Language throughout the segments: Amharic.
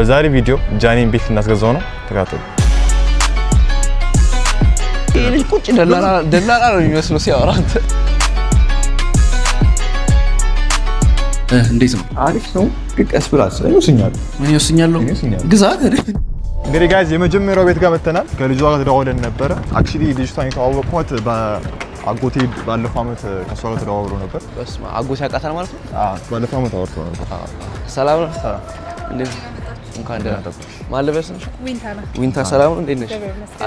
በዛሬ ቪዲዮ ጃኒን ቤት እናስገዛው ነው። ተካተሉ። ቁጭ ደላላ ደላላ ነው የሚመስለው ሲያወራት። እንዴት ነው? አሪፍ ነው። ቀስ ብላ ወስኛለሁ። እኔ ወስኛለሁ። ግዛት እንግዲህ ጋይዝ የመጀመሪያው ቤት ጋር መተናል። ከልጇ ጋር ተደዋውለን ነበረ። አክቹሊ ልጅቷን የተዋወቅኳት አጎቴ ባለፈው አመት ከእሷ ጋር ተደዋውሎ ነበር። አጎቴ አውቃታል ማለት ነው። ባለፈው አመት አወርተው ነበር። ሰላም ነው። እንኳን ደህና መጣሽ። ማን ልበስ ነሽ? ዊንታ ሰላም ነው። እንዴት ነሽ?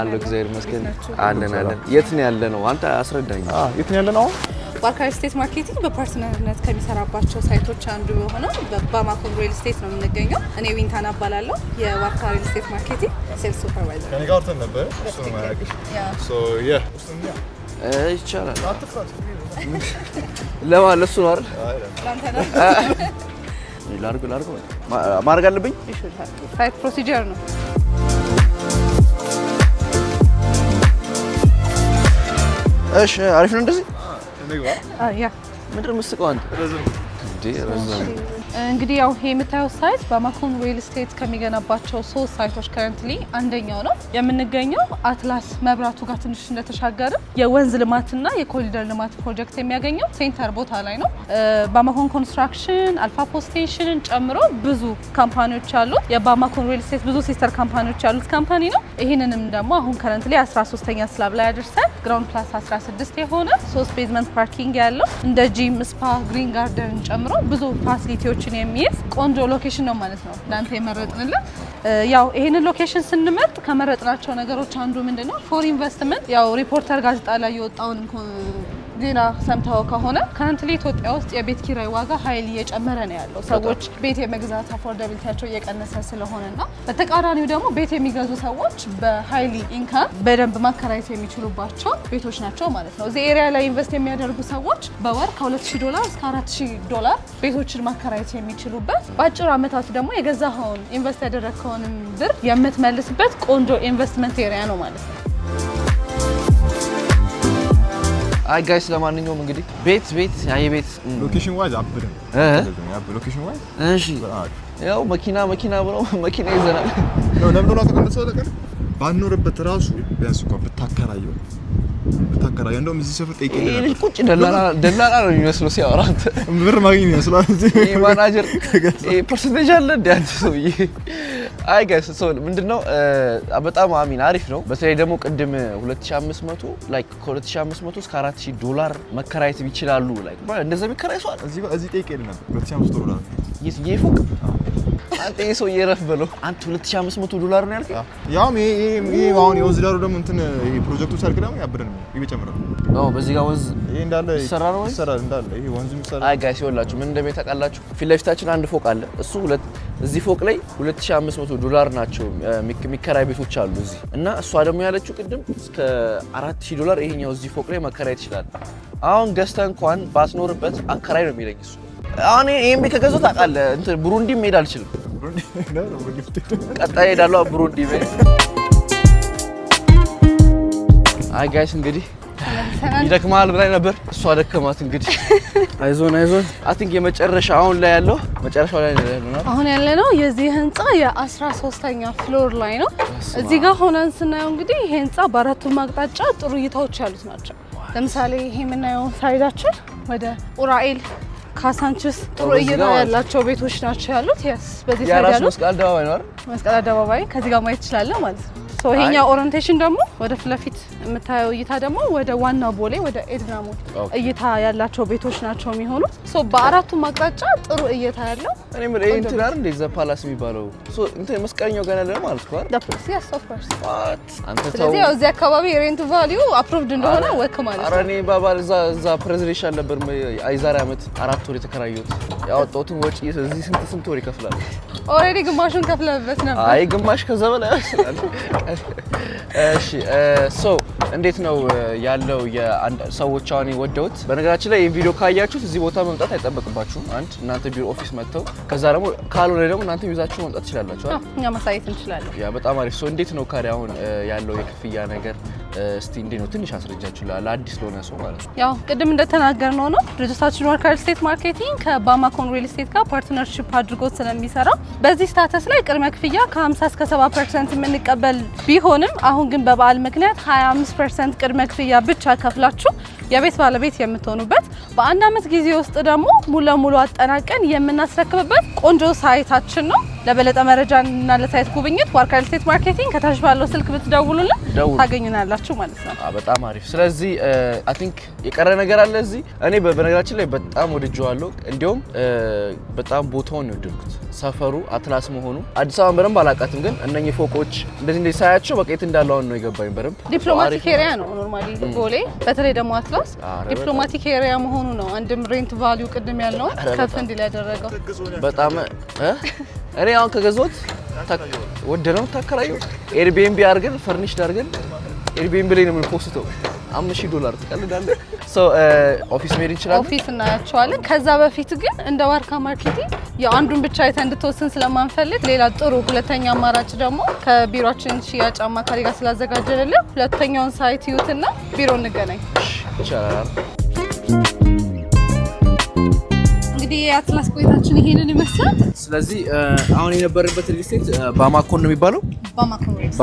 አለሁ እግዚአብሔር ይመስገን። አለን አለን። የት ነው ያለ ነው? አንተ አስረዳኝ። የት ነው ያለ ነው? በአካባቢ ስቴት ማርኬቲንግ በፓርትነርነት ከሚሰራባቸው ሳይቶች አንዱ የሆነው በባማኮ ሪል ስቴት ነው የምንገኘው። እኔ ዊንታና እባላለሁ የዋርካ ሪል ስቴት ማርኬቲንግ ሴልስ ሱፐርቫይዘር። ከእኔ ጋር አውርተን ነበረ። ይቻላል ለማን ለእሱ ነው አይደል? ላርግ ላርግ ማድረግ አለብኝ። ራይት ፕሮሲጀር ነው። እሺ አሪፍ ነው። እንደዚህ ምንድን ነው የምትስቀው አንተ? እንግዲህ ያው ይሄ የምታየው ሳይት ባማኮን ሪል ስቴት ከሚገነባቸው ሶስት ሳይቶች ከረንትሊ አንደኛው ነው። የምንገኘው አትላስ መብራቱ ጋር ትንሽ እንደተሻገረ የወንዝ ልማትና የኮሪደር ልማት ፕሮጀክት የሚያገኘው ሴንተር ቦታ ላይ ነው። ባማኮን ኮንስትራክሽን፣ አልፋ ፖስቴሽንን ጨምሮ ብዙ ካምፓኒዎች ያሉት የባማኮን ሪል ስቴት ብዙ ሲስተር ካምፓኒዎች ያሉት ካምፓኒ ነው። ይህንንም ደግሞ አሁን ከረንትሊ 13ኛ ስላብ ላይ አድርሰን ግራውንድ ፕላስ 16 የሆነ ሶስት ቤዝመንት ፓርኪንግ ያለው እንደ ጂም፣ ስፓ፣ ግሪን ጋርደንን ጨምሮ ብዙ ፋሲሊቲዎች ሰዎችን የሚይዝ ቆንጆ ሎኬሽን ነው ማለት ነው ለአንተ የመረጥንልን። ያው ይህንን ሎኬሽን ስንመርጥ ከመረጥናቸው ነገሮች አንዱ ምንድነው ፎር ኢንቨስትመንት ያው ሪፖርተር ጋዜጣ ላይ የወጣውን ዜና ሰምተው ከሆነ ከትናንት ኢትዮጵያ ውስጥ የቤት ኪራይ ዋጋ ኃይል እየጨመረ ነው ያለው። ሰዎች ቤት የመግዛት አፎርዳቢሊቲያቸው እየቀነሰ ስለሆነና በተቃራኒው ደግሞ ቤት የሚገዙ ሰዎች በሀይሊ ኢንካም በደንብ ማከራየት የሚችሉባቸው ቤቶች ናቸው ማለት ነው። እዚህ ኤሪያ ላይ ኢንቨስት የሚያደርጉ ሰዎች በወር ከ2000 ዶላር እስከ 4000 ዶላር ቤቶችን ማከራየት የሚችሉበት በአጭር ዓመታት ደግሞ የገዛኸውን ኢንቨስት ያደረግከውንም ብር የምትመልስበት ቆንጆ ኢንቨስትመንት ኤሪያ ነው ማለት ነው። አይ ጋይስ፣ ለማንኛውም እንግዲህ ቤት ቤት አይ ቤት ሎኬሽን ዋይዝ አብረን ሎኬሽን ዋይዝ እሺ፣ ያው መኪና መኪና ብለው መኪና ይዘናል። ለምን ነው ተቀምጠ ለቀን ባኖርበት ራሱ ቢያንስ እንኳን ብታከራየው ብታከራየው፣ እንደውም እዚህ ሰፈር ጠይቄ ነበር። ቁጭ ደላላ ደላላ ነው የሚመስለው ሲያወራ፣ ብር ማግኘት ይመስላል። ማናጀር ፐርሰንቴጅ አለ እንደ አንተ ሰውዬ አይ ጋይስ ሶ ምንድነው በጣም አሚን አሪፍ ነው። በተለይ ደግሞ ቅድም 2500 ላይክ ከ2500 እስከ 4000 ዶላር መከራየት ይችላሉ። ላይክ እንደዛ የሚከራይ ሰው አለ እዚህ እዚህ ጠይቄ ነበር 2500 ዶላር ይስ ይፉቅ አንተ ይሄ ሰው እየረፍ ብሎ አንተ 2500 ዶላር ነው ያልከኝ። ያውም ይሄ ይሄ አሁን የወንዝ ዳሩ ደግሞ እንትን ይሄ ፕሮጀክቱ ሰርክ ደግሞ ያብረን ይጨምራል። አዎ በዚህ ጋር ወንዝ ይሄ እንዳለ ይሰራል ወይ ይሰራል እንዳለ ይሄ ወንዙ ይሰራል። አይ ጋይስ ይኸውላችሁ ምን እንደሚታወቃላችሁ ፊት ለፊታችን አንድ ፎቅ አለ። እሱ ሁለት እዚህ ፎቅ ላይ 2500 ዶላር ናቸው የሚከራይ ቤቶች አሉ እዚህ እና እሷ ደግሞ ያለችው ቅድም እስከ 4000 ዶላር ይሄኛው እዚህ ፎቅ ላይ መከራየት ይችላል። አሁን ገዝተህ እንኳን ባስኖርበት አከራይ ነው የሚለኝ እሱ። አሁን ይሄን ቤት ከገዛሁት አውቃለህ እንትን ብሩንዲ መሄድ አልችልም። ቀጣይ ሄዳለሁ ብሩንዲ። አይ ጋይስ እንግዲህ ይደክማል ብላኝ ነበር፣ እሷ ደከማት። እንግዲህ አይዞን አይዞን። አይ ቲንክ የመጨረሻ አሁን ላይ ያለው መጨረሻው ላይ ነው ያለው። አሁን ያለ ነው የዚህ ህንጻ የ 13 ፍሎር ላይ ነው። እዚህ ጋር ሆነን ስናየው እንግዲህ ይሄ ህንጻ በአራቱም አቅጣጫ ጥሩ እይታዎች ያሉት ናቸው። ለምሳሌ ይሄ የምናየው ሳይዳችን ወደ ኡራኤል ካሳንችስ ጥሩ እይታ ያላቸው ቤቶች ናቸው ያሉት። ያስ በዚህ መስቀል አደባባይ ነው። አይደል? መስቀል አደባባይ ከዚህ ጋር ማየት ትችላለህ ማለት ነው። ይሄኛው ኦሪንቴሽን ደግሞ ወደ ፊት ለፊት የምታየው እይታ ደግሞ ወደ ዋናው ቦሌ ወደ ኤድናሞ እይታ ያላቸው ቤቶች ናቸው የሚሆኑት። በአራቱ አቅጣጫ ጥሩ እይታ ያለው እኔ ምን እንትናር እንደ ዘ ፓላስ የሚባለው ሶ መስቀለኛው ገና ደግሞ እዚህ አካባቢ ሬንት ቫልዩ አፕሮቭድ እንደሆነ ወክ ማለት ነው። እኔ ባባል እዛ ፕሬዘንቴሽን ነበር የዛሬ ዓመት አራት ወር የተከራየሁት ያወጣሁትን ወጪ እዚህ ስንት ስንት ወር ይከፍላል? ኦልሬዲ ግማሹን ከፍለበት ነበር። አይ ግማሽ ከዛ በላይ እሺ ሶ እንዴት ነው ያለው? ሰዎች አሁን ወደውት። በነገራችን ላይ ቪዲዮ ካያችሁት እዚህ ቦታ መምጣት አይጠበቅባችሁም። አንድ እናንተ ቢሮ ኦፊስ መጥተው ከዛ ደግሞ ካልሆነ ደግሞ እናንተ ይዛችሁ መምጣት ትችላላችሁ። እኛ ማሳየት እንችላለን። ያ በጣም አሪፍ። ሶ እንዴት ነው ካዲያ አሁን ያለው የክፍያ ነገር እስቲ እንዴት ነው ትንሽ አስረጃችሁ ለአዲስ ለሆነ ሰው ማለት ነው። ያው ቅድም እንደተናገር ነው ድርጅታችን ወርካር ስቴት ማርኬቲንግ ከባማኮን ሪል ስቴት ጋር ፓርትነርሺፕ አድርጎ ስለሚሰራ በዚህ ስታተስ ላይ ቅድመ ክፍያ ከ50 እስከ 70 ፐርሰንት የምንቀበል ቢሆንም አሁን ግን በበዓል ምክንያት 25 ፐርሰንት ቅድመ ክፍያ ብቻ ከፍላችሁ የቤት ባለቤት የምትሆኑበት በአንድ አመት ጊዜ ውስጥ ደግሞ ሙሉ ለሙሉ አጠናቀን የምናስረክብበት ቆንጆ ሳይታችን ነው። ለበለጠ መረጃና ለሳይት ጉብኝት ዋርካ ሪል ስቴት ማርኬቲንግ ከታች ባለው ስልክ ብትደውሉልን ታገኙናላችሁ ማለት ነው። በጣም አሪፍ። ስለዚህ አይ ቲንክ የቀረ ነገር አለ እዚህ። እኔ በነገራችን ላይ በጣም ወድጀዋለሁ። እንዲሁም በጣም ቦታውን ነው የወደድኩት ሰፈሩ አትላስ መሆኑ አዲስ አበባን በደንብ አላውቃትም፣ ግን እነኚህ ፎቆች እንደዚህ እንደዚህ ሳያቸው በቃ የት እንዳለው አሁን ነው የገባኝ በደንብ። ዲፕሎማቲክ ኤሪያ ነው ኖርማሊ ቦሌ፣ በተለይ ደግሞ አትላስ ዲፕሎማቲክ ኤሪያ መሆኑ ነው አንድም ሬንት ቫሊዩ ቅድም ያለው ከፍ እንዲል ያደረገው በጣም እኔ አሁን ከገዞት ወደ ነው ታከራዩ ኤርቢኤንቢ አድርገን ፈርኒሽድ አድርገን ኤርቢኤንቢ ላይ ነው የምንፖስተው። አምስት ሺህ ዶላር ትቀልዳለህ። ኦፊስ መሄድ እንችላለን፣ ኦፊስ እናያቸዋለን። ከዛ በፊት ግን እንደ ዋርካ ማርኬቲንግ የአንዱን ብቻ አይተህ እንድትወስን ስለማንፈልግ ሌላ ጥሩ ሁለተኛ አማራጭ ደግሞ ከቢሮችን ሽያጭ አማካሪ ጋር ስላዘጋጀልልን ሁለተኛውን ሳይት ይዩትና ቢሮ እንገናኝ ይቻላል። የአትላስ ቆይታችን ይሄንን ይመስላል። ስለዚህ አሁን የነበረበት ሪል ስቴት ባማኮን ነው የሚባለው፣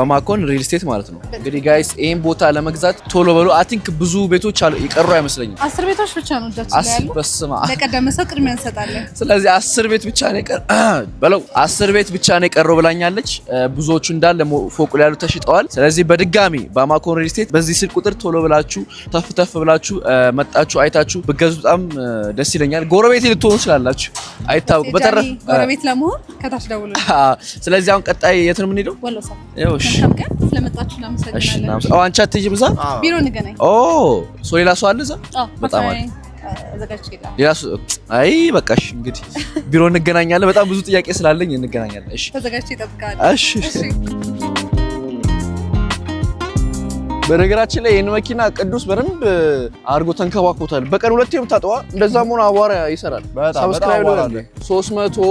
ባማኮን ሪል ስቴት ማለት ነው። እንግዲህ ጋይስ ይህን ቦታ ለመግዛት ቶሎ በሎ አይ ቲንክ ብዙ ቤቶች አሉ የቀሩ አይመስለኝም። አስር ቤቶች ብቻ ነው እጃችን ያሉ። በስመ አብ ለቀደመ ሰው ቅድሚያ እንሰጣለን። ስለዚህ አስር ቤት ብቻ ነው የቀረ በለው፣ አስር ቤት ብቻ ነው የቀረው ብላኛለች። ብዙዎቹ እንዳለ ፎቅ ላይ ያሉ ተሽጠዋል። ስለዚህ በድጋሚ ባማኮን ሪል ስቴት በዚህ ስልክ ቁጥር ቶሎ ብላችሁ ተፍ ተፍ ብላችሁ መጣችሁ አይታችሁ ብገዙ በጣም ደስ ይለኛል። ጎረቤት ልትሆኑ ትችላላችሁ፣ አይታወቅም። በተረፈ ጎረቤት ለመሆን ከታች ደውሉ። ስለዚህ አሁን ቀጣይ የት ነው የምንሄደው? አንቺ አትሄጂም እዛ ቢሮ እንገናኝ። ሌላ ሰው አለ እዛ በጣም አለ አይ በቃሽ፣ እንግዲህ ቢሮ እንገናኛለን። በጣም ብዙ ጥያቄ ስላለኝ እንገናኛለን። እሺ፣ ተዘጋጅቼ እጠብቃለሁ። እሺ በነገራችን ላይ ይህን መኪና ቅዱስ በደንብ አድርጎ ተንከባክቦታል። በቀን ሁለቴ የምታጠዋ እንደዛ መሆን አቧራ ይሰራል። ሰብስክራይብ ሊሆን 300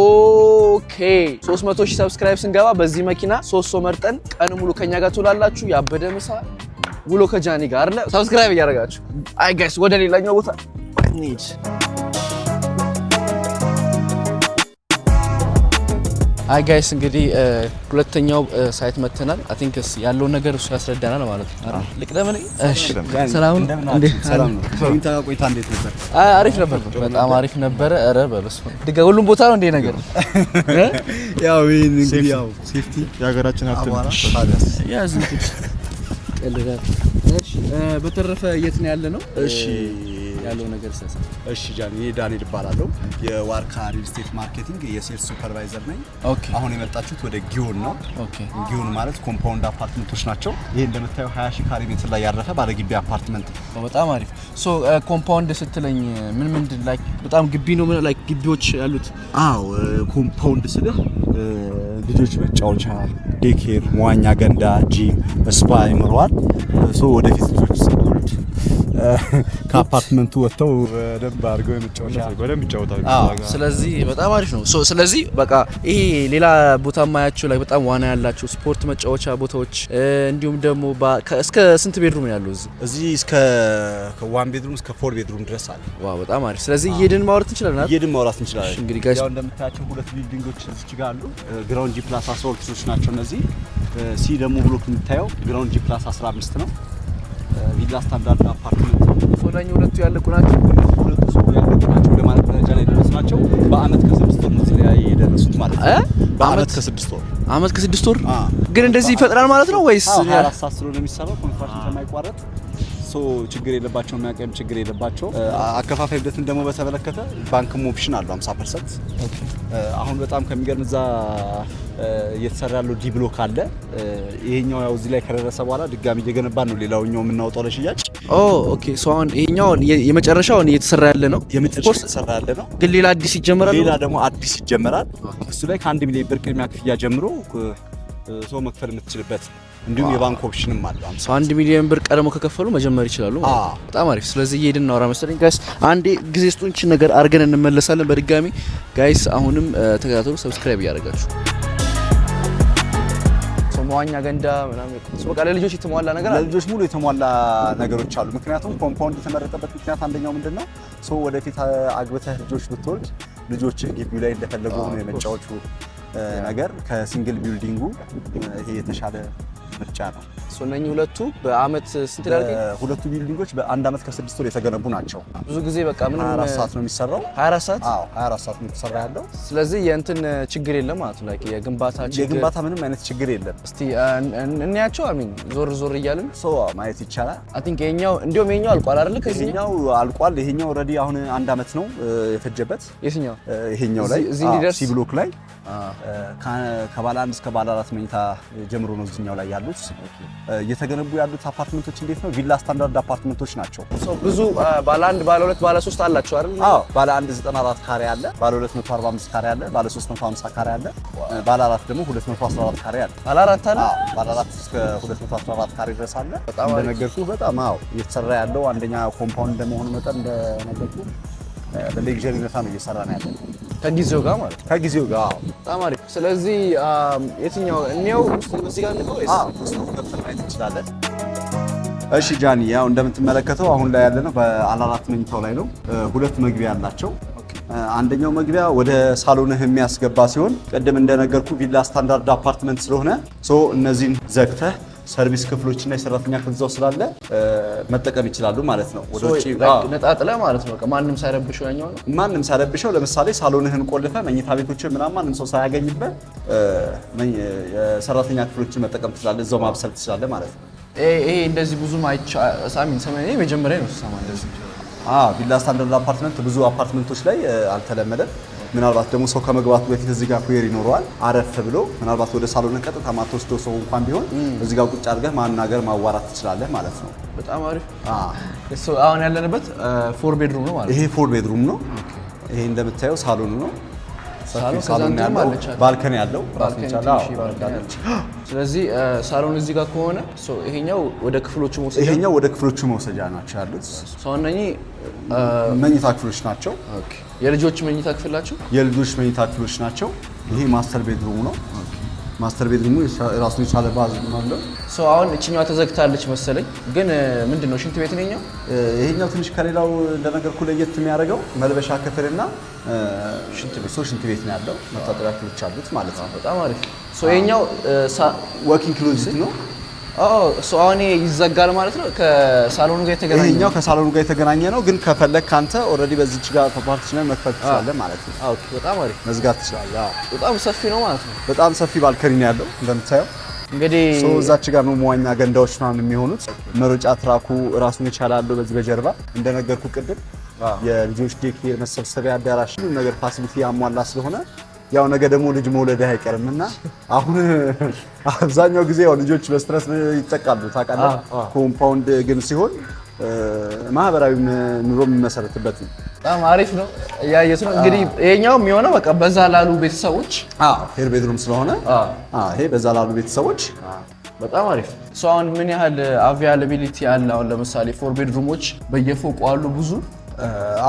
ኬ 300 ሺህ ሰብስክራይብ ስንገባ በዚህ መኪና ሶስት ሰው መርጠን ቀን ሙሉ ከኛ ጋር ትውላላችሁ። ያበደ ምሳ ውሎ ከጃኒ ጋር አለ። ሰብስክራይብ እያደረጋችሁ አይ ጋይስ ወደ ሌላኛው ቦታ እንሂድ። አይ ጋይስ እንግዲህ ሁለተኛው ሳይት መተናል። አይ ቲንክ እስ ያለውን ነገር እሱ ያስረዳናል ማለት ነው። ልቅደም ነኝ። እሺ፣ ሰላም ነበር? አሪፍ ነበር፣ በጣም አሪፍ ነበር። ኧረ በለስ ድጋ ሁሉም ቦታ ነው እንዴ ነገር ያው ይሄን እንግዲህ ያው ሴፍቲ የሀገራችን ሀብት ነው። ያዝንኩት እንትን እሺ፣ በተረፈ የት ነው ያለ ነው? እሺ ያለው ነገር ሰሰ እሺ፣ ጃን፣ እኔ ዳንኤል እባላለሁ የዋርካ ሪል ስቴት ማርኬቲንግ የሴልስ ሱፐርቫይዘር ነኝ። ኦኬ። አሁን የመጣችሁት ወደ ጊዮን ነው። ኦኬ። ጊዮን ማለት ኮምፓውንድ አፓርትመንቶች ናቸው። ይሄ እንደምታዩ 20 ሺህ ካሬ ሜትር ላይ ያረፈ ባለግቢ አፓርትመንት ነው። በጣም አሪፍ። ሶ ኮምፓውንድ ስትለኝ ምን ምንድን ላይ በጣም ግቢ ነው ምን ላይ ግቢዎች ያሉት? አዎ ኮምፓውንድ ስልህ ልጆች መጫወቻ፣ ዴኬር፣ መዋኛ ገንዳ፣ ጂም፣ ስፓ ይኖረዋል። ሶ ወደፊት ልጆች ከአፓርትመንቱ ወጥተው uh, በደንብ አድርገው የሚጫወታሉ። ስለዚህ በጣም አሪፍ ነው። ስለዚህ በቃ ይሄ ሌላ ቦታ ማያቸው ላይ በጣም ዋና ያላቸው ስፖርት መጫወቻ ቦታዎች uh, እንዲሁም ደግሞ እስከ ስንት ቤድሩም ያለው እዚህ እዚህ እስከ ዋን ቤድሩም እስከ ፎር ቤድሩም ድረስ አለ። ዋ በጣም አሪፍ። ስለዚህ እየሄድን ማውራት እንችላለን። እየሄድን ማውራት እንችላለን። እንግዲህ ጋይስ ያው እንደምታያቸው ሁለት ቢልዲንጎች እዚች ጋር አሉ። uh, ግራውንድ ጂ ፕላስ 12 ናቸው እነዚህ። ሲ ደግሞ ብሎክ የምታየው ግራውንድ ጂ ፕላስ 15 ነው። ቪላ ስታንዳርድ አፓርትመንት ሶላኝ ሁለቱ ያለቁ ናቸው። ሁለቱ ሰው ያለቁ ናቸው ለማለት ደረጃ ላይ ደረሱ ናቸው። በአመት ከስድስት ወር ነው ላይ የደረሱት ማለት ነው። በአመት ከስድስት ወር አመት ከስድስት ወር ግን እንደዚህ ይፈጥራል ማለት ነው ወይስ አራት ሰዓት ስለሆነ የሚሰራው ኮንትራክሽን ከማይቋረጥ ሶ ችግር የለባቸው የሚያቀም ችግር የለባቸው። አከፋፋይ ሂደትን ደግሞ በተመለከተ ባንክም ኦፕሽን አለው 50 ፐርሰንት። አሁን በጣም ከሚገርም እዛ እየተሰራ ያለው ዲ ብሎክ አለ። ይሄኛው ያው እዚህ ላይ ከደረሰ በኋላ ድጋሚ እየገነባ ነው። ሌላውኛው የምናወጣው ለሽያጭ። ኦኬ ሶ አሁን ይሄኛው የመጨረሻው እየተሰራ ያለ ነው፣ የመጨረሻው እየተሰራ ያለ ነው። ግን ሌላ አዲስ ይጀምራል፣ ሌላ ደግሞ አዲስ ይጀምራል። እሱ ላይ ከአንድ ሚሊዮን ብር ቅድሚያ ክፍያ ጀምሮ ሰው መክፈል የምትችልበት እንዲሁም የባንክ ኦፕሽንም አለ። አንድ ሚሊዮን ብር ቀድሞ ከከፈሉ መጀመር ይችላሉ። በጣም አሪፍ። ስለዚህ እየሄድን እናወራ መሰለኝ ጋይስ። አንዴ ጊዜ ስጡንች ነገር አድርገን እንመለሳለን በድጋሚ ጋይስ። አሁንም ተከታተሉ፣ ሰብስክራይብ እያደረጋችሁ መዋኛ ገንዳ ምናምን በቃ ለልጆች የተሟላ ነገር አለ። ለልጆች ሙሉ የተሟላ ነገሮች አሉ። ምክንያቱም ኮምፓውንድ የተመረጠበት ምክንያት አንደኛው ምንድን ነው? ሰው ወደፊት አግብተህ ልጆች ብትወልድ ልጆች ግቢው ላይ እንደፈለጉ ነው የመጫወቹ ነገር ከሲንግል ቢልዲንጉ ይሄ የተሻለ ምርጫ ነው። እነኚህ ሁለቱ በአመት ስንት ላልከኝ? ሁለቱ ቢልዲንጎች በአንድ አመት ከስድስት ወር የተገነቡ ናቸው። ብዙ ጊዜ በቃ ምንም 24 ሰዓት ነው የሚሰራው። 24 ሰዓት? አዎ 24 ሰዓት ነው የተሰራ ያለው። ስለዚህ የእንትን ችግር የለም ማለት ነው። የግንባታ ችግር የግንባታ ምንም አይነት ችግር የለም። እስቲ እንያቸው። አሚን ዞር ዞር እያልን ሶ ማየት ይቻላል። አይ ቲንክ የኛው እንዲሁም የኛው አልቋል አይደል? ከዚህ የኛው አልቋል። ይሄኛው ኦልሬዲ አሁን አንድ አመት ነው የፈጀበት። የትኛው? ይሄኛው ላይ ሲ ብሎክ ላይ ከባለ አንድ እስከ ባለ አራት መኝታ ጀምሮ ነው እዚህኛው ላይ ያለው ያሉት። እየተገነቡ ያሉት አፓርትመንቶች እንዴት ነው? ቪላ ስታንዳርድ አፓርትመንቶች ናቸው። ብዙ ባለ አንድ፣ ባለ ሁለት፣ ባለ ሶስት አላቸው አይደል? አዎ፣ ባለ አንድ 94 ካሬ አለ፣ ባለ ሁለት 245 ካሬ አለ፣ ባለ ሶስት 350 ካሬ አለ፣ ባለ አራት ደግሞ 214 ካሬ አለ። ባለ አራት አለ፣ አዎ፣ ባለ አራት እስከ 214 ካሬ ድረስ አለ። በጣም እንደነገርኩ በጣም አዎ፣ እየተሰራ ያለው አንደኛ ኮምፓውንድ እንደመሆኑ መጠን እንደነገርኩ በሌግጀሪ ነው እየሰራ ነው ያለው። ከጊዜው ጋር ማለት ነው። ከጊዜው ጋር በጣም አሪፍ። ስለዚህ የትኛው እኔው እንችላለን? እሺ ጃኒ፣ ያው እንደምትመለከተው አሁን ላይ ያለነው በአላላት መኝታው ላይ ነው። ሁለት መግቢያ አላቸው። አንደኛው መግቢያ ወደ ሳሎንህ የሚያስገባ ሲሆን ቅድም እንደነገርኩ ቪላ ስታንዳርድ አፓርትመንት ስለሆነ እነዚህን ዘግተህ ሰርቪስ ክፍሎች እና የሰራተኛ ክፍል እዛው ስላለ መጠቀም ይችላሉ ማለት ነው። ወደ ውጭ ነጣጥለ ማለት ነው። ማንም ሳይረብሸው ያኛው ነው። ማንም ሳይረብሸው፣ ለምሳሌ ሳሎንህን ቆልፈ መኝታ ቤቶች ምናምን ማንም ሰው ሳያገኝበት የሰራተኛ ክፍሎችን መጠቀም ትችላለ። እዛው ማብሰል ትችላለ ማለት ነው። ይሄ እንደዚህ ብዙም ሳሚን ሰማይ መጀመሪያ ነው ሰማ እንደዚህ ቪላ ስታንዳርድ አፓርትመንት ብዙ አፓርትመንቶች ላይ አልተለመደም። ምናልባት ደግሞ ሰው ከመግባቱ በፊት እዚህ ጋር ኩዌር ይኖረዋል። አረፍ ብሎ ምናልባት ወደ ሳሎን ቀጥታ ማትወስደው ሰው እንኳን ቢሆን እዚህ ጋር ቁጭ አድርገህ ማናገር ማዋራት ትችላለህ ማለት ነው። በጣም አሪፍ። አሁን ያለንበት ፎር ቤድሩም ነው ማለት ይሄ ፎር ቤድሩም ነው። ይሄ እንደምታየው ሳሎኑ ነው። ሳሎን ያለው ባልከን ያለው ስለዚህ ሳሎን እዚህ ጋር ከሆነ ይሄኛው ወደ ክፍሎቹ መውሰጃ ይሄኛው ወደ ክፍሎቹ መውሰጃ ናቸው ያሉት ሰው እነኚህ መኝታ ክፍሎች ናቸው። የልጆች መኝታ ክፍል ናቸው። የልጆች መኝታ ክፍሎች ናቸው። ይሄ ማስተር ቤድሩሙ ነው። ማስተር ቤድሩሙ ራሱን የቻለ ባዝ አለው። ሰው አሁን እችኛዋ ተዘግታለች መሰለኝ፣ ግን ምንድን ነው ሽንት ቤት ነኛው። ይሄኛው ትንሽ ከሌላው እንደነገርኩ ለየት የሚያደርገው መልበሻ ክፍልና ሰው ሽንት ቤት ነው ያለው። መታጠቢያ ክፍሎች አሉት ማለት ነው። በጣም አሪፍ። ይሄኛው ወርኪንግ ክሎዚት ነው እሱ አሁን ይዘጋል ማለት ነው። ከሳሎኑ ጋር የተገናኘ ነው። ይሄኛው ከሳሎኑ ጋር የተገናኘ ነው፣ ግን ከፈለግ ካንተ ኦልሬዲ በዚች ጋር ፓርቲሽን መክፈት ትችላለህ ማለት ነው። ኦኬ፣ በጣም አሪፍ መዝጋት ትችላለህ። በጣም ሰፊ ነው ማለት ነው። በጣም ሰፊ ባልከኒ ነው ያለው እንደምታየው። እንግዲህ እዛች ጋር ነው መዋኛ ገንዳዎች ምናምን የሚሆኑት። መሮጫ ትራኩ ራሱን ይቻላል። በዚህ በጀርባ እንደነገርኩ ቅድም የልጆች ዴክ መሰብሰቢያ አዳራሽ፣ ሁሉም ነገር ፋሲሊቲ ያሟላ ስለሆነ ያው ነገ ደግሞ ልጅ መውለድ አይቀርም እና አሁን አብዛኛው ጊዜ ያው ልጆች በስትረስ ይጠቃሉ ታውቃለህ። ኮምፓውንድ ግን ሲሆን ማህበራዊ ኑሮ የሚመሰረትበት ነው። በጣም አሪፍ ነው። እያየሱ ነው እንግዲህ ይሄኛው የሚሆነው በቃ በዛ ላሉ ቤተሰቦች ሄር ቤድሩም ስለሆነ ይሄ በዛ ላሉ ቤተሰቦች በጣም አሪፍ ሰው። አሁን ምን ያህል አቪያላቢሊቲ አለ? አሁን ለምሳሌ ፎር ቤድሩሞች በየፎቁ አሉ ብዙ?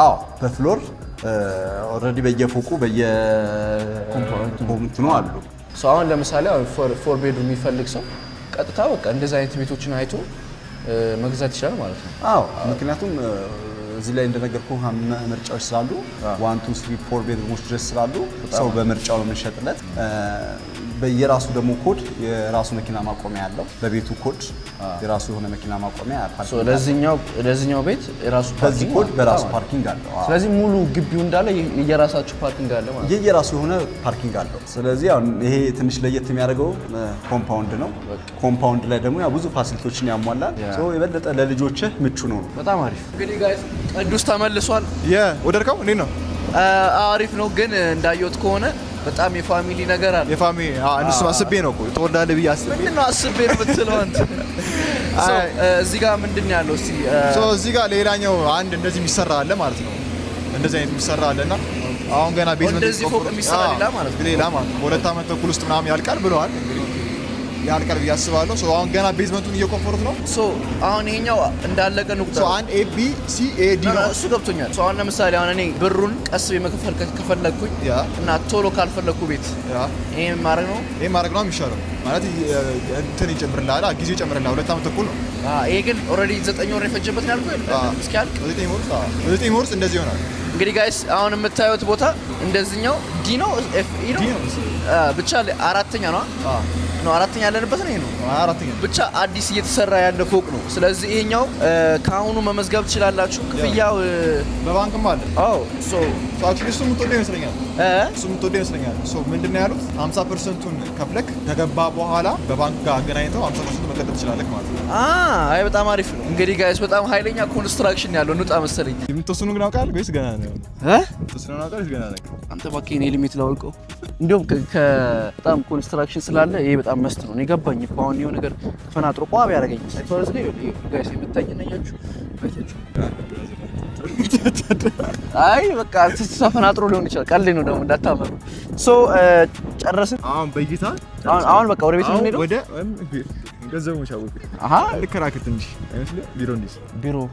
አዎ በፍሎር ኦልሬዲ በየፎቁ በየኮምፖነንቱ አሉ። አሁን ለምሳሌ ፎር ቤድሩም የሚፈልግ ሰው ቀጥታ በቃ እንደዚህ አይነት ቤቶችን አይቶ መግዛት ይችላል ማለት ነው። አዎ ምክንያቱም እዚህ ላይ እንደነገርኩ ምርጫዎች ስላሉ ዋን ቱ ስሪ ፎር ቤድሩሞች ድረስ ስላሉ ሰው በምርጫው የምንሸጥለት በየራሱ ደግሞ ኮድ የራሱ መኪና ማቆሚያ አለው። በቤቱ ኮድ የራሱ የሆነ መኪና ማቆሚያ ለዚህኛው ቤት የራሱ በዚህ ኮድ በራሱ ፓርኪንግ አለው። ስለዚህ ሙሉ ግቢው እንዳለ የየራሳችሁ ፓርኪንግ አለ ማለት ነው። የየራሱ የሆነ ፓርኪንግ አለው። ስለዚህ አሁን ይሄ ትንሽ ለየት የሚያደርገው ኮምፓውንድ ነው። ኮምፓውንድ ላይ ደግሞ ብዙ ፋሲሊቲዎችን ያሟላል። የበለጠ ለልጆችህ ምቹ ነው። በጣም አሪፍ። እንግዲህ ጋይስ ቅዱስ ተመልሷል። ወደርከው እንዴት ነው? አሪፍ ነው ግን እንዳየሁት ከሆነ በጣም የፋሚሊ ነገር አለ። የፋሚሊ እነሱ አስቤ ነው እኮ ትወዳለህ ብዬ አስቤ ምንድን ነው አስቤ ነው የምትለው አንተ? እዚህ ጋር ምንድን ነው ያለው? እስኪ እዚህ ጋር ሌላኛው አንድ እንደዚህ የሚሰራ አለ ማለት ነው። እንደዚህ አይነት የሚሰራ አለ እና አሁን ገና ቤት እንደዚህ ፎቅ የሚሰራ ሌላ ማለት ነው። በሁለት አመት ተኩል ውስጥ ምናምን ያልቃል ብለዋል። ያልቃል ብዬ አስባለሁ። ሶ አሁን ገና ቤዝመንቱን እየቆፈሩት ነው። ሶ አሁን ይሄኛው እንዳለቀ ነው ሶ አንድ ኤ ቢ ሲ ኤ ዲ ነው። እሱ ገብቶኛል። ሶ አሁን ለምሳሌ አሁን እኔ ብሩን ቀስ ብዬ መክፈል ከፈለግኩኝ እና ቶሎ ካልፈለግኩ ቤት ይሄ ማድረግ ነው ይሄ ማድረግ ነው የሚሻለው። ማለት እንትን ይጨምርልሃል፣ ጊዜ ይጨምርልሃል። ሁለት ዓመት ተኩል ነው ይሄ ግን ኦልሬዲ ዘጠኝ ወር የፈጀበት ነው ያልኩህ እስኪያልቅ ዘጠኝ ወር ውስጥ እንደዚህ ይሆናል። እንግዲህ ጋይስ አሁን የምታዩት ቦታ እንደዚህኛው ዲ ነው e ዲ ነው ብቻ አራተኛ ነው ነው። አራተኛ ያለንበት ነው ነው አራተኛ ብቻ አዲስ እየተሰራ ያለ ፎቅ ነው። ስለዚህ ይሄኛው ከአሁኑ መመዝገብ ትችላላችሁ። ክፍያው በባንክም አለ። አዎ ሶ አክቹሊ እሱ የምትወደው ይመስለኛል እ እሱ የምትወደው ይመስለኛል። ሶ ምንድነው ያሉት 50 ፐርሰንቱን ከፍለክ ከገባ በኋላ በባንክ ጋር አገናኝተው 50 ፐርሰንቱን መቀጠል ትችላለህ ማለት ነው። አይ በጣም አሪፍ ነው። እንግዲህ ጋይስ በጣም ኃይለኛ ኮንስትራክሽን ያለው ንጣ መሰለኝ። የምትወስኑ ግን አውቃለህ ወይስ ገና ነው? እ የምትወስኑ አውቃለህ ወይስ ገና ነው? አንተ እባክህ እኔ ሊሚት ላውልቀው እንዲሁም በጣም ኮንስትራክሽን ስላለ ይሄ በጣም መስት ነው። የገባኝ እኮ አሁን የሆነ ነገር ተፈናጥሮ ቋብ ያደረገኝ አይ በቃ ተፈናጥሮ ሊሆን ይችላል። ቀልድ ነው ደግሞ እንዳታመሩ። ሶ ጨረስን። አሁን በይታ አሁን በቃ ወደ ቤት የምንሄደው ቢሮ እንዲህ ቢሮ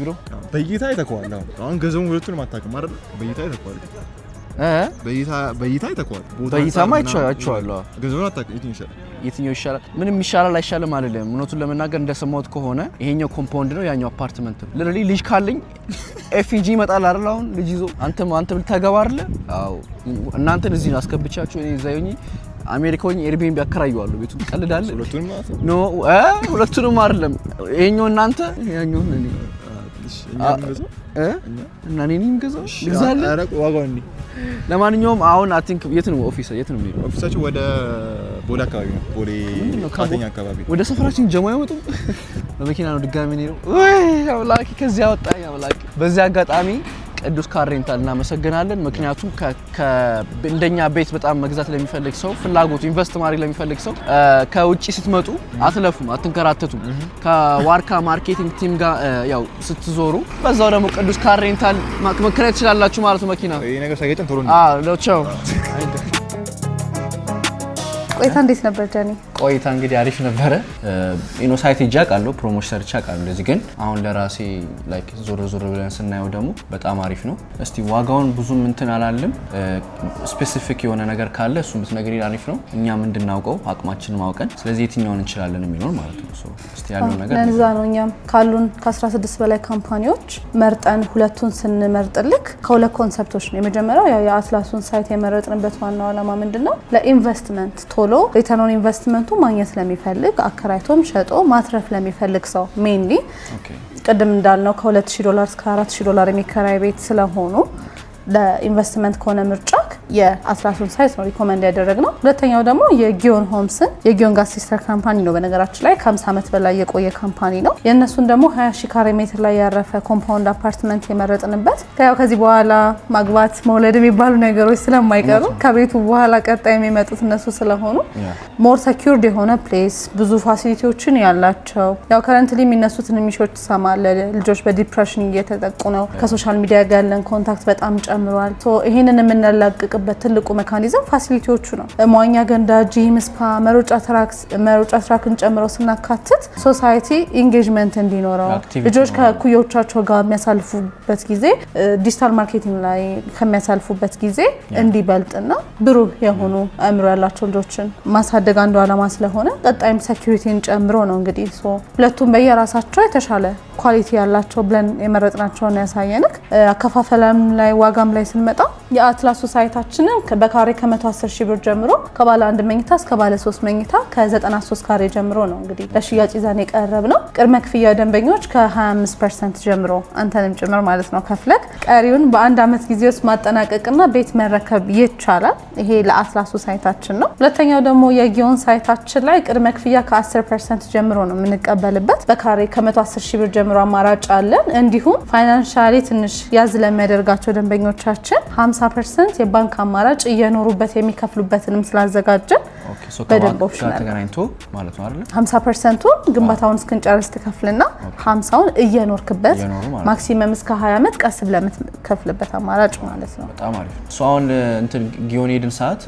ቢሮ በይታ ይተከዋል። አሁን ገንዘቡ ሁለቱንም አታውቅም አይደል? በይታ ይተከዋል በእይታ ይተኳል። በእይታማ አይቼዋለሁ። ገንዘቡን አታውቅም። የትኛው ይሻላል የትኛው ይሻላል? ምንም ይሻላል አይሻልም አይደለም። እውነቱን ለመናገር እንደሰማሁት ከሆነ ይሄኛው ኮምፓውንድ ነው፣ ያኛው አፓርትመንት ነው። ልረሊ ልጅ ካለኝ ኤፍጂ ይመጣል አይደል? አሁን ልጅ ይዞ አንተ አንተ ልታገባ አይደለ? አዎ እናንተን እዚህ ነው አስከብቻችሁ እኔ እዛ ሆኜ አሜሪካ ሆኜ ኤርቢኤንቢ አከራየዋለሁ። ቤቱ ቀልዳለ። ሁለቱንም ኖ ሁለቱንም አይደለም። ይሄኛው እናንተ ያኛው እኔ እና እኔ ነኝ የምገዛው። ለማንኛውም አሁን አይ ቲንክ የት ነው ኦፊስ የት ነው የሚሄደው? ኦፊሳቸው ወደ ቦሌ አካባቢ ነው። ቦሌ አተኛ አካባቢ ወደ ሰፈራችን ጀማ አይወጡም። በመኪና ነው ድጋሚ ነው። አምላኬ ከዚህ ያወጣኝ አምላኬ። በዚህ አጋጣሚ ቅዱስ ካር ሬንታል እናመሰግናለን። ምክንያቱም እንደኛ ቤት በጣም መግዛት ለሚፈልግ ሰው ፍላጎቱ ኢንቨስት ማድረግ ለሚፈልግ ሰው ከውጭ ስትመጡ አትለፉም፣ አትንከራተቱም። ከዋርካ ማርኬቲንግ ቲም ጋር ያው ስትዞሩ በዛው ደግሞ ቅዱስ ካር ሬንታል መከራየት ትችላላችሁ ማለት ነው። መኪና ነገር ሳይገጭን ቶሎ ነው። ቆይታ እንዴት ነበር ጃኒ? ቆይታ እንግዲህ አሪፍ ነበረ። ኢኖሳይት እጃ ቃሉ ፕሮሞት ሰርቻ ቃሉ እንደዚህ ግን አሁን ለራሴ ላይክ ዞር ዞር ብለን ስናየው ደግሞ በጣም አሪፍ ነው። እስቲ ዋጋውን ብዙም እንትን አላለም። ስፔሲፊክ የሆነ ነገር ካለ እሱ ብትነግሪን አሪፍ ነው፣ እኛም እንድናውቀው አቅማችን ማውቀን ስለዚህ የትኛውን እንችላለን የሚለውን ማለት ነው። እስቲ ያለው ነገር ለዛ ነው። እኛም ካሉን ከ16 በላይ ካምፓኒዎች መርጠን ሁለቱን ስንመርጥልክ ከሁለት ኮንሰፕቶች ነው። የመጀመሪያው ያው የአትላሱን ሳይት የመረጥንበት ዋናው ዓላማ ምንድን ነው? ለኢንቨስትመንት ቶሎ ሪተርን ኦን ኢንቨስትመንት ሰርቶ ማግኘት ለሚፈልግ አከራይቶም ሸጦ ማትረፍ ለሚፈልግ ሰው ሜንሊ ቅድም እንዳልነው ከ2000 ዶላር እስከ 4000 ዶላር የሚከራይ ቤት ስለሆኑ ለኢንቨስትመንት ከሆነ ምርጫክ የ13 ሳይት ነው ሪኮመንድ ያደረግ ነው። ሁለተኛው ደግሞ የጊዮን ሆምስን የጊዮን ጋር ሲስተር ካምፓኒ ነው በነገራችን ላይ ከ50 ዓመት በላይ የቆየ ካምፓኒ ነው። የእነሱን ደግሞ 20 ሺ ካሬ ሜትር ላይ ያረፈ ኮምፓውንድ አፓርትመንት የመረጥንበት ያው ከዚህ በኋላ ማግባት መውለድ የሚባሉ ነገሮች ስለማይቀሩ ከቤቱ በኋላ ቀጣይ የሚመጡት እነሱ ስለሆኑ ሞር ሰኪርድ የሆነ ፕሌስ ብዙ ፋሲሊቲዎችን ያላቸው ያው ከረንትሊ የሚነሱ ትንሚሾች ትሰማለ ልጆች በዲፕሬሽን እየተጠቁ ነው። ከሶሻል ሚዲያ ጋር ያለን ኮንታክት በጣም ጨምሯል። ይህንን የምናላቅቅ የምንጠብቅበት ትልቁ ሜካኒዝም ፋሲሊቲዎቹ ነው። መዋኛ ገንዳ፣ ጂም፣ ስፓ፣ መሮጫ ትራክን ጨምረው ስናካትት ሶሳይቲ ኢንጌጅመንት እንዲኖረው ልጆች ከኩዮቻቸው ጋር የሚያሳልፉበት ጊዜ ዲጂታል ማርኬቲንግ ላይ ከሚያሳልፉበት ጊዜ እንዲበልጥና ብሩህ የሆኑ አእምሮ ያላቸው ልጆችን ማሳደግ አንዱ ዓላማ ስለሆነ ቀጣይም ሴኪሪቲን ጨምሮ ነው እንግዲህ ሁለቱም በየራሳቸው የተሻለ ኳሊቲ ያላቸው ብለን የመረጥናቸውን ያሳየንክ አከፋፈላም ላይ ዋጋም ላይ ስንመጣ የአትላስ ሶሳይታ ፕላናችንን በካሬ ከ110 ሺህ ብር ጀምሮ ከባለ አንድ መኝታ እስከ ባለ ሶስት መኝታ ከ93 ካሬ ጀምሮ ነው እንግዲህ ለሽያጭ ይዘን የቀረብ ነው። ቅድመ ክፍያ ደንበኞች ከ25 ፐርሰንት ጀምሮ አንተንም ጭምር ማለት ነው ከፍለክ ቀሪውን በአንድ ዓመት ጊዜ ውስጥ ማጠናቀቅና ቤት መረከብ ይቻላል። ይሄ ለአትላሱ ሳይታችን ነው። ሁለተኛው ደግሞ የጊዮን ሳይታችን ላይ ቅድመ ክፍያ ከ10 ፐርሰንት ጀምሮ ነው የምንቀበልበት። በካሬ ከ110 ሺህ ብር ጀምሮ አማራጭ አለን። እንዲሁም ፋይናንሻሊ ትንሽ ያዝ ለሚያደርጋቸው ደንበኞቻችን 50 ፐርሰንት የባንክ አማራጭ እየኖሩበት የሚከፍሉበትንም ስላዘጋጀ በደንቦች ተገናኝቶ ማለት ነው አይደል? 50 ፐርሰንቱ ግንባታውን እስክንጨርስ ትከፍልና 50ውን እየኖርክበት ማክሲመም እስከ 20 ዓመት ቀስ ብለህ የምትከፍልበት አማራጭ ማለት ነው። በጣም አሪፍ እሱ። አሁን እንትን ጊዮን ሄድን ሰዓት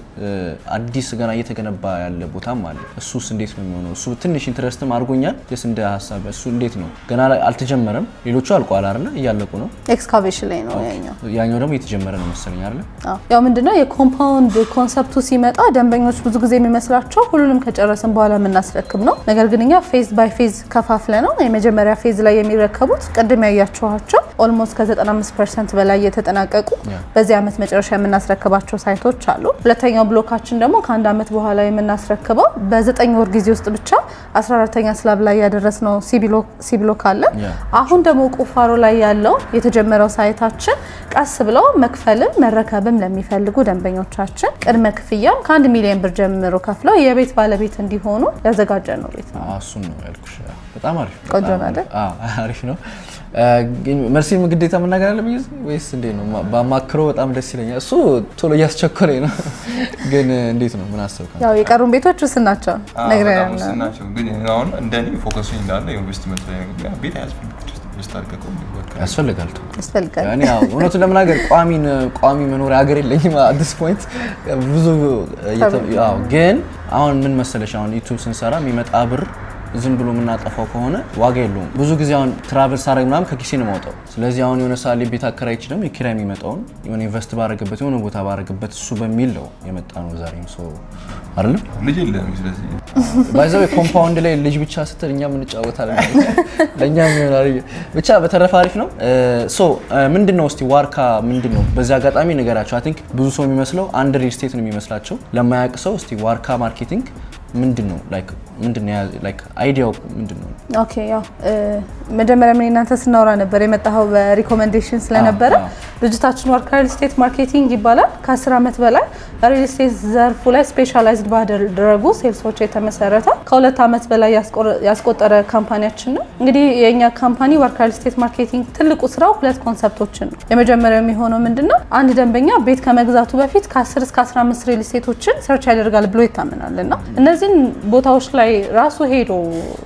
አዲስ ገና እየተገነባ ያለ ቦታም አለ። እሱስ እንዴት ነው የሚሆነው? እሱ ትንሽ ኢንትረስትም አድርጎኛል። ስ እንደ ሀሳብ እሱ እንዴት ነው? ገና አልተጀመረም። ሌሎቹ አልቋል አይደል? እያለቁ ነው። ኤክስካቬሽን ላይ ነው ያኛው። ያኛው ደግሞ እየተጀመረ ነው መሰለኝ አይደል? ያው ምንድነው የኮምፓውንድ ኮንሰፕቱ ሲመጣ ደንበኞች ብዙ ጊዜ የሚመስላቸው ሁሉንም ከጨረስን በኋላ የምናስረክብ ነው። ነገር ግን እኛ ፌዝ ባይ ፌዝ ከፋፍለ ነው። የመጀመሪያ ፌዝ ላይ የሚረከቡት ቅድም ያያችኋቸው ኦልሞስት ከ95 ፐርሰንት በላይ የተጠናቀቁ በዚህ ዓመት መጨረሻ የምናስረክባቸው ሳይቶች አሉ። ሁለተኛው ብሎካችን ደግሞ ከአንድ ዓመት በኋላ የምናስረክበው በዘጠኝ ወር ጊዜ ውስጥ ብቻ 14ተኛ ስላብ ላይ ያደረስነው ብሎክ አለ። አሁን ደግሞ ቁፋሮ ላይ ያለው የተጀመረው ሳይታችን ቀስ ብለው መክፈልም መረከብም ለሚፈልጉ ደንበኞቻችን ቅድመ ክፍያም ከአንድ ሚሊዮን ብር ጀምሮ ዩሮ ከፍለው የቤት ባለቤት እንዲሆኑ ያዘጋጀ ነው ቤት ነው። እሱም ነው ያልኩሽ። በጣም አሪፍ ቆንጆ ነው፣ አሪፍ ነው። መርሲም ግዴታ መናገር አለ ብዬ ወይስ እንዴት ነው? በማክሮ በጣም ደስ ይለኛል። እሱ ቶሎ እያስቸኮለኝ ነው፣ ግን እንዴት ነው? ምን አሰብክ? ያው የቀሩን ቤቶች ውስን ናቸው፣ ነግረናቸው። ግን አሁን እንደኔ ፎከሱ እንዳለ ኢንቨስትመንት ላይ ቤት አያስፈልግም ያስፈልጋል እውነቱን ለመናገር ቋሚ መኖሪያ ሀገር የለኝም። አዲስ ፖይንት ብዙ ግን አሁን ምን መሰለሽ አሁን ዩቱብ ስንሰራ የሚመጣ ብር ዝም ብሎ የምናጠፋው ከሆነ ዋጋ የለውም። ብዙ ጊዜ አሁን ትራቨል ሳረግ ምናምን ከኪሴ ነው ማውጣው። ስለዚህ አሁን የሆነ ሰዓት ቤት አከራይ ደግሞ የኪራይ የሚመጣውን የሆነ ኢንቨስት ባረግበት የሆነ ቦታ ባረግበት እሱ በሚል ነው የመጣ ነው። ዛሬም ሰው አይደለም ልጅ የለም። ስለዚህ ባይዘው ኮምፓውንድ ላይ ልጅ ብቻ ስትል እኛ እንጫወታለን፣ ለእኛ ይሆናል። ብቻ በተረፈ አሪፍ ነው። ሶ ምንድን ነው እስቲ ዋርካ ምንድን ነው? በዚህ አጋጣሚ ነገራቸው አይ ቲንክ ብዙ ሰው የሚመስለው አንድ ሪል ስቴት ነው የሚመስላቸው። ለማያውቅ ሰው እስቲ ዋርካ ማርኬቲንግ ምንድን ነው ላይክ ምንድን አይዲያው ምንድን ነው? ኦኬ ያው መጀመሪያ ምን እናንተ ስናወራ ነበር የመጣኸው በሪኮሜንዴሽን ስለነበረ ድርጅታችን ወርክ ሪል ስቴት ማርኬቲንግ ይባላል። ከአስር ዓመት በላይ ሪል ስቴት ዘርፉ ላይ ስፔሻላይዝድ ባደረጉ ሴልሶች የተመሰረተ ከሁለት ዓመት በላይ ያስቆጠረ ካምፓኒያችን ነው። እንግዲህ የእኛ ካምፓኒ ዋርካ ሪል ስቴት ማርኬቲንግ ትልቁ ስራው ሁለት ኮንሰፕቶችን ነው። የመጀመሪያው የሚሆነው ምንድን ነው አንድ ደንበኛ ቤት ከመግዛቱ በፊት ከ10 እስከ 15 ሪል ስቴቶችን ሰርች ያደርጋል ብሎ ይታመናልና እነዚህን ቦታዎች ላይ ላይ ራሱ ሄዶ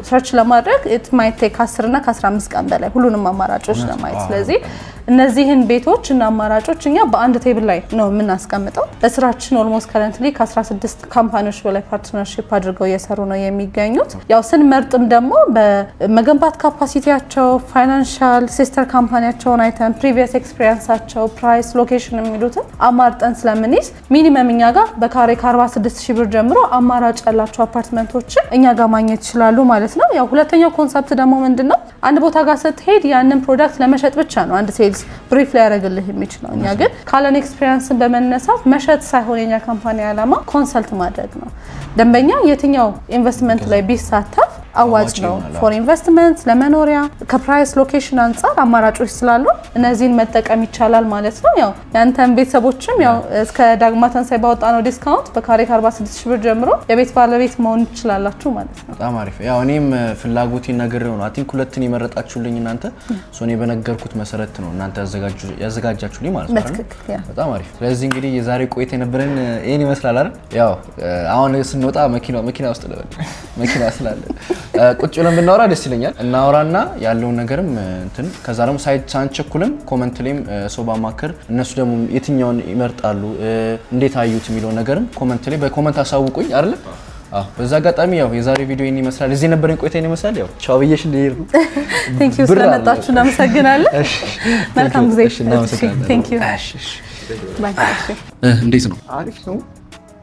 ሰርች ለማድረግ ኢት ማይት ቴክ 10 እና ከአስራ ቀን በላይ ሁሉንም አማራጮች ለማየት ስለዚህ እነዚህን ቤቶች እና አማራጮች እኛ በአንድ ቴብል ላይ ነው የምናስቀምጠው። በስራችን ኦልሞስት ከረንትሊ ከ16 ካምፓኒዎች በላይ ፓርትነርሽፕ አድርገው እየሰሩ ነው የሚገኙት። ያው ስንመርጥም ደግሞ በመገንባት ካፓሲቲያቸው፣ ፋይናንሻል ሲስተር ካምፓኒያቸውን አይተን፣ ፕሪቪየስ ኤክስፒሪየንሳቸው፣ ፕራይስ፣ ሎኬሽን የሚሉትን አማርጠን ስለምንይዝ ሚኒመም እኛ ጋር በካሬ ከ46 ሺ ብር ጀምሮ አማራጭ ያላቸው አፓርትመንቶችን እኛ ጋር ማግኘት ይችላሉ ማለት ነው። ያው ሁለተኛው ኮንሰፕት ደግሞ ምንድን ነው? አንድ ቦታ ጋር ስትሄድ ያንን ፕሮዳክት ለመሸጥ ብቻ ነው አንድ ሴል ዲቴልስ ብሪፍ ሊያደርግልህ የሚችለው። እኛ ግን ካለን ኤክስፔሪንስን በመነሳት መሸጥ ሳይሆን የኛ ካምፓኒ ዓላማ ኮንሰልት ማድረግ ነው። ደንበኛ የትኛው ኢንቨስትመንት ላይ ቢሳተፍ አዋጭ ነው ፎር ኢንቨስትመንት ለመኖሪያ ከፕራይስ ሎኬሽን አንጻር አማራጮች ስላሉ እነዚህን መጠቀም ይቻላል ማለት ነው። ያው ያንተን ቤተሰቦችም ያው እስከ ዳግማ ተንሳይ ባወጣ ነው ዲስካውንት በካሬ ከ46 ሺህ ብር ጀምሮ የቤት ባለቤት መሆን ይችላላችሁ ማለት ነው። በጣም አሪፍ። ያው እኔም ፍላጎት ነገር ነው አይ ቲንክ ሁለትን የመረጣችሁልኝ እናንተ ሶ እኔ በነገርኩት መሰረት ነው እናንተ ያዘጋጃችሁልኝ ማለት ነው። በጣም አሪፍ። ስለዚህ እንግዲህ የዛሬ ቆይታ የነበረን ይህን ይመስላል አይደል? ያው አሁን ስንወጣ መኪና ውስጥ ልበል መኪና ስላለ ቁጭ ብለን ብናወራ ደስ ይለኛል። እናወራና ያለውን ነገርም እንትን ከዛ ደግሞ ሳይት ሳንቸኩልም ኮመንት ላይም ሰው ባማክር እነሱ ደግሞ የትኛውን ይመርጣሉ እንዴት አዩት የሚለውን ነገርም ኮመንት ላይ በኮመንት አሳውቁኝ አይደለ? በዛ አጋጣሚ ያው የዛሬ ቪዲዮ ይህን ይመስላል። እዚህ የነበረኝ ቆይታ ይህን ይመስላል። ያው ቻው ብዬሽ እንዲሄድ ነው። ቴንክ ዩ ስለመጣችሁ እናመሰግናለን። መልካም ጊዜ። እንዴት ነው? አሪፍ ነው።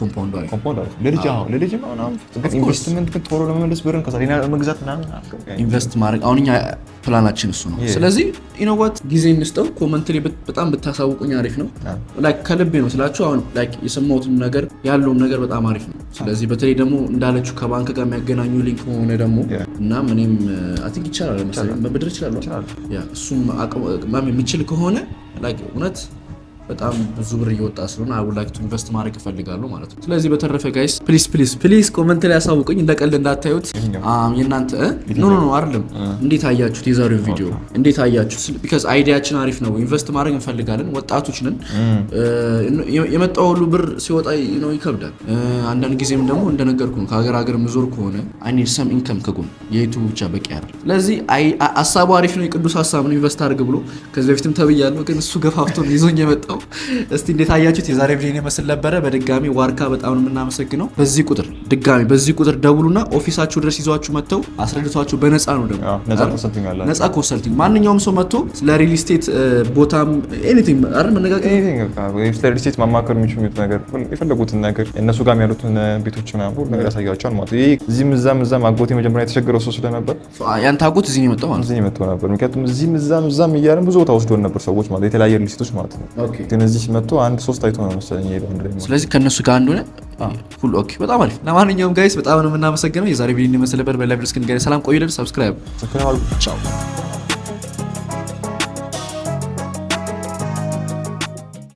ኮምፓውንድ አሪፍ ኮምፓውንድ አሪፍ ለልጅ ለልጅ ኢንቨስትመንት ግን ቶሎ ለመመለስ ብርን ከዛ ሌላ መግዛት ምናምን ኢንቨስት ማድረግ አሁን እኛ ፕላናችን እሱ ነው። ስለዚህ ጊዜ እንስጠው። ኮመንት ላይ በጣም ብታሳውቁኝ አሪፍ ነው። ላይክ ከልቤ ነው ስላችሁ አሁን ላይክ ነገር ያለውም ነገር በጣም አሪፍ ነው። ስለዚህ በተለይ ደግሞ እንዳለችው ከባንክ ጋር የሚያገናኙ ሊንክ ከሆነ ደግሞ እና ይቻላል መሰለኝ ይችላል እሱም የሚችል ከሆነ ላይክ እውነት በጣም ብዙ ብር እየወጣ ስለሆነ አይ ውድ ላይክ ቱ ኢንቨስት ማድረግ እፈልጋለሁ ማለት ነው። ስለዚህ በተረፈ ጋይስ ፕሊስ ፕሊስ ፕሊስ ኮመንት ላይ ያሳውቁኝ፣ እንደ ቀልድ እንዳታዩት። የእናንተ ኖ ኖ ኖ አይደለም። እንዴት አያችሁት? የዛሬው ቪዲዮ እንዴት አያችሁት? ቢካዝ አይዲያችን አሪፍ ነው። ኢንቨስት ማድረግ እንፈልጋለን፣ ወጣቶች ነን። የመጣው ሁሉ ብር ሲወጣ ነው ይከብዳል። አንዳንድ ጊዜም ደግሞ እንደነገርኩ ነው ከሀገር ሀገር ምዞር ከሆነ አይ ኒድ ሰም ኢንከም ከጎን የዩቱብ ብቻ በቂ አይደል። ስለዚህ ሀሳቡ አሪፍ ነው፣ የቅዱስ ሀሳብ ነው ኢንቨስት አድርግ ብሎ ከዚህ በፊትም ተብያለሁ፣ ግን እሱ ገፋፍቶን ይዞኝ የመጣው ነው። እስቲ እንዴት አያችሁት? የዛሬ ቪዲዮ ይመስል ነበረ። በድጋሚ ዋርካ በጣም ነው የምናመሰግነው። በዚህ ቁጥር ድጋሚ በዚህ ቁጥር ደውሉና ኦፊሳችሁ ድረስ ይዟችሁ መጥተው አስረድቷችሁ በነፃ ነው ደግሞ ነፃ ኮንሰልቲንግ። ማንኛውም ሰው መጥቶ ስለ ሪል ስቴት ቦታም ኤኒቲንግ አይደል መነጋገር ስለ ሪል ስቴት ማማከር የሚችሉት ነገር የፈለጉትን ነገር እነሱ ጋር ያሉትን ቤቶች ምናምን ሁሉ ነገር ያሳያቸዋል ማለት ይህ እዚህም እዛም እዛም አጎቴ መጀመሪያ የተቸገረው ሰው ስለነበር ያንተ አጎት እዚህ የመጣው ማለት እዚህ የመጣው ነበር። ምክንያቱም እዚህም እዛም እዛም እያለን ብዙ ቦታ ወስዶን ነበር ሰዎች ማለት የተለያየ ሪል ስቴቶች ማለት ነው ኦኬ ግን እዚህ መጥቶ አንድ ሶስት አይቶ ነው መሰለኝ የሄደው አንድ ላይ። ስለዚህ ከእነሱ ጋር አንድ ሆነ ሁሉ ኦኬ። በጣም አሪፍ። ለማንኛውም ጋይስ በጣም ነው የምናመሰግነው። የዛሬ ቪዲዮ እንመስልበት በላይቭ ድረስ ግን ጋር ሰላም ቆዩልን። ሰብስክራይብ ቻው